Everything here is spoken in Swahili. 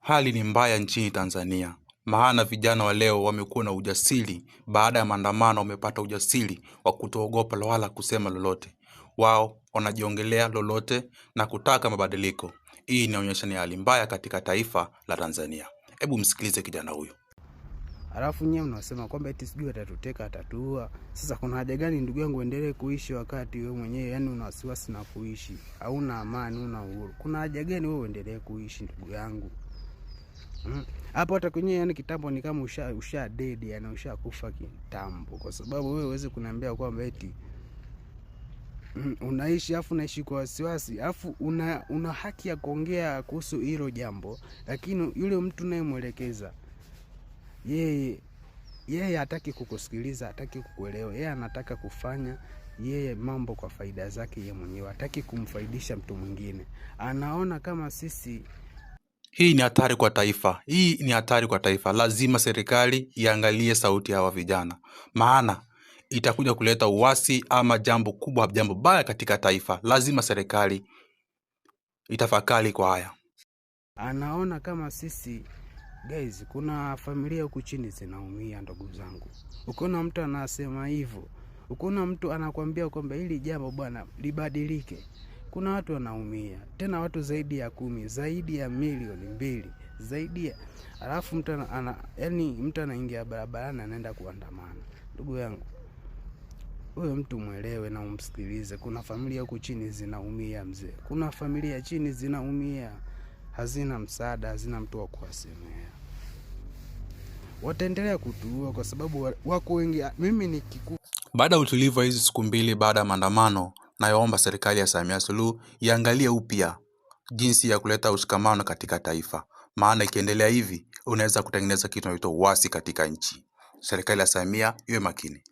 Hali ni mbaya nchini Tanzania, maana vijana wa leo wamekuwa na ujasiri, baada ya maandamano wamepata ujasiri wa kutoogopa wala kusema lolote. Wao wanajiongelea lolote na kutaka mabadiliko. Hii inaonyesha ni hali mbaya katika taifa la Tanzania. Hebu msikilize kijana huyo. Alafu nyewe mnasema kwamba eti sijui atatuteka, atatuua. Sasa kuna haja gani ndugu yangu endelee kuishi wakati wewe mwenyewe yani una wasiwasi na kuishi, hauna amani, una uhuru? Kuna haja gani wewe uendelee kuishi ndugu yangu? hapo hata kwenye yani kitambo ni kama usha, usha dead yani kufa kitambo, kwa sababu wewe uweze kuniambia kwamba eti mm, unaishi afu unaishi kwa wasiwasi afu una, una haki ya kuongea kuhusu hilo jambo, lakini yule mtu unayemwelekeza yeye yeye hataki kukusikiliza, hataki kukuelewa, yeye anataka kufanya yeye mambo kwa faida zake yeye mwenyewe, hataki kumfaidisha mtu mwingine. Anaona kama sisi hii ni hatari kwa taifa, hii ni hatari kwa taifa. Lazima serikali iangalie sauti ya hawa vijana, maana itakuja kuleta uasi ama jambo kubwa, jambo baya katika taifa. Lazima serikali itafakari kwa haya. Anaona kama sisi guys, kuna familia huku chini zinaumia, ndugu zangu. Ukiona mtu anasema hivyo, ukiona mtu anakwambia kwamba hili jambo bwana libadilike, kuna watu wanaumia, tena watu zaidi ya kumi, zaidi ya milioni mbili, zaidi ya alafu mtu ana, yani mtu anaingia barabarani anaenda kuandamana. Ndugu yangu, huyo mtu mwelewe na umsikilize. Kuna familia huku chini zinaumia mzee, kuna familia chini zinaumia, hazina msaada, hazina mtu wa kuwasemea. Wataendelea kutuua kwa sababu wako wengi. Mimi ni nikiku baada ya utulivu wa hizi siku mbili baada ya maandamano nayoomba serikali ya Samia Suluhu iangalie upya jinsi ya kuleta ushikamano katika taifa, maana ikiendelea hivi unaweza kutengeneza kitu kinaitwa uasi katika nchi. Serikali ya Samia iwe makini.